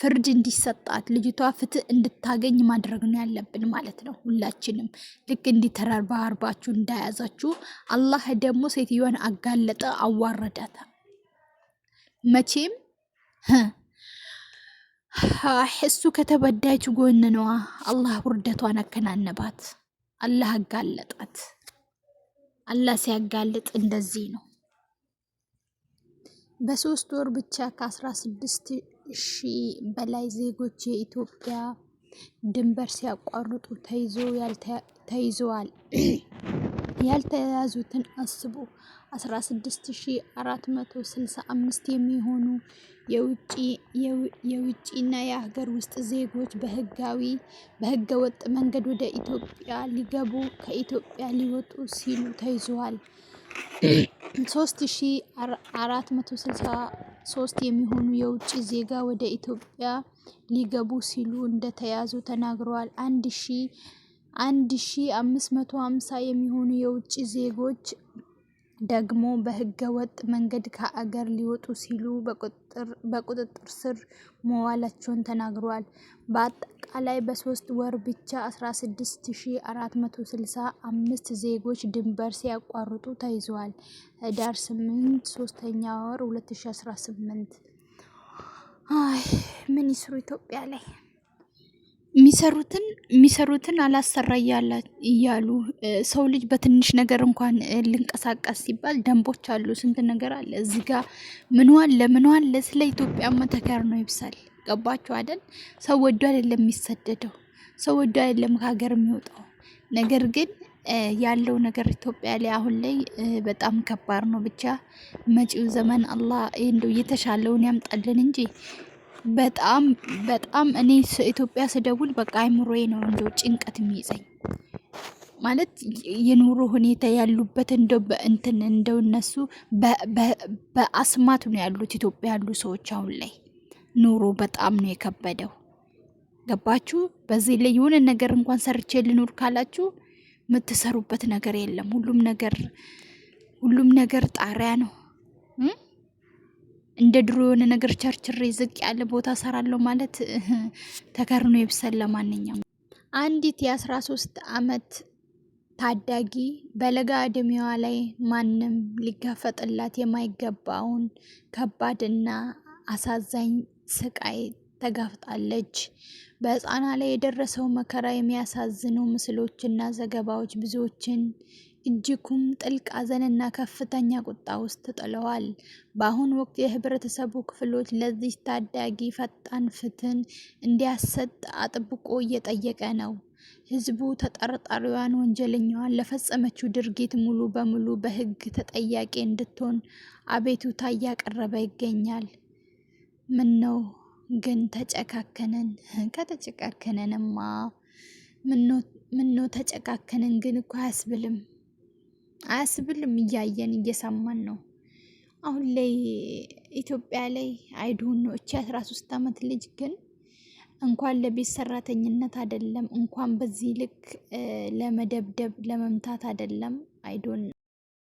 ፍርድ እንዲሰጣት ልጅቷ ፍትህ እንድታገኝ ማድረግ ነው ያለብን ማለት ነው። ሁላችንም ልክ እንዲተራርባ አርባችሁ እንዳያዛችሁ። አላህ ደግሞ ሴትዮዋን አጋለጠ፣ አዋረዳት። መቼም እሱ ከተበዳች ጎን ነዋ። አላህ ውርደቷን አከናነባት። አላህ አጋለጣት። አላህ ሲያጋልጥ እንደዚህ ነው። በሶስት ወር ብቻ ከአስራ ስድስት ሺህ በላይ ዜጎች የኢትዮጵያ ድንበር ሲያቋርጡ ተይዞ ተይዘዋል። ያልተያዙትን አስቡ 16465 የሚሆኑ የውጭና የሀገር ውስጥ ዜጎች በህገ ወጥ መንገድ ወደ ኢትዮጵያ ሊገቡ ከኢትዮጵያ ሊወጡ ሲሉ ተይዘዋል። 3466 ሶስት የሚሆኑ የውጭ ዜጋ ወደ ኢትዮጵያ ሊገቡ ሲሉ እንደተያዙ ተናግረዋል። አንድ ሺ አንድ ሺ አምስት መቶ ሀምሳ የሚሆኑ የውጭ ዜጎች ደግሞ ወጥ መንገድ ከአገር ሊወጡ ሲሉ በቁጥጥር ስር መዋላቸውን ተናግረዋል። በአጠቃላይ በሶስት ወር ብቻ 16465 ዜጎች ድንበር ሲያቋርጡ ተይዘዋል። ህዳር 8 ሶስተኛ ወር 2018። አይ ምን ይስሩ ኢትዮጵያ ላይ የሚሰሩትን የሚሰሩትን አላሰራ እያሉ ሰው ልጅ በትንሽ ነገር እንኳን ልንቀሳቀስ ሲባል ደንቦች አሉ፣ ስንት ነገር አለ። እዚህ ጋ ምንዋን ለምንዋን ለስለ ኢትዮጵያ መተከር ነው ይብሳል። ገባችሁ አይደል? ሰው ወዶ አይደለም የሚሰደደው፣ ሰው ወዶ አይደለም ከሀገር የሚወጣው። ነገር ግን ያለው ነገር ኢትዮጵያ ላይ አሁን ላይ በጣም ከባድ ነው። ብቻ መጪው ዘመን አላህ እንደው የተሻለውን ያምጣልን እንጂ በጣም በጣም እኔ ኢትዮጵያ ስደውል በቃ አይምሮዬ ነው እንደው ጭንቀት የሚይዘኝ ማለት የኑሮ ሁኔታ ያሉበት እንደው በእንትን እንደው እነሱ በአስማት ነው ያሉት ኢትዮጵያ ያሉ ሰዎች አሁን ላይ ኑሮ በጣም ነው የከበደው። ገባችሁ? በዚህ ላይ የሆነ ነገር እንኳን ሰርቼ ልኑር ካላችሁ የምትሰሩበት ነገር የለም። ሁሉም ነገር ሁሉም ነገር ጣሪያ ነው። እንደ ድሮ የሆነ ነገር ቸርችሬ ዝቅ ያለ ቦታ ሰራለሁ ማለት ተከርኖ ይብሰል። ለማንኛውም አንዲት የአስራ ሶስት አመት ታዳጊ በለጋ እድሜዋ ላይ ማንም ሊጋፈጥላት የማይገባውን ከባድና አሳዛኝ ስቃይ ተጋፍጣለች። በህፃና ላይ የደረሰው መከራ የሚያሳዝኑ ምስሎችና ዘገባዎች ብዙዎችን እጅጉም ጥልቅ ሐዘንና ከፍተኛ ቁጣ ውስጥ ጥለዋል። በአሁን ወቅት የህብረተሰቡ ክፍሎች ለዚህ ታዳጊ ፈጣን ፍትህን እንዲያሰጥ አጥብቆ እየጠየቀ ነው። ህዝቡ ተጠርጣሪዋን ወንጀለኛዋን ለፈጸመችው ድርጊት ሙሉ በሙሉ በህግ ተጠያቂ እንድትሆን አቤቱታ እያቀረበ ይገኛል። ምን ነው ግን ተጨካከነን ከተጨቃከነንማ ምኖ ተጨካከነን ግን እኮ አያስብልም አያስብልም። እያየን እየሰማን ነው። አሁን ላይ ኢትዮጵያ ላይ አይድሁን ነው እቺ አስራ ሶስት አመት ልጅ ግን እንኳን ለቤት ሰራተኝነት አይደለም እንኳን በዚህ ልክ ለመደብደብ ለመምታት አይደለም አይዶን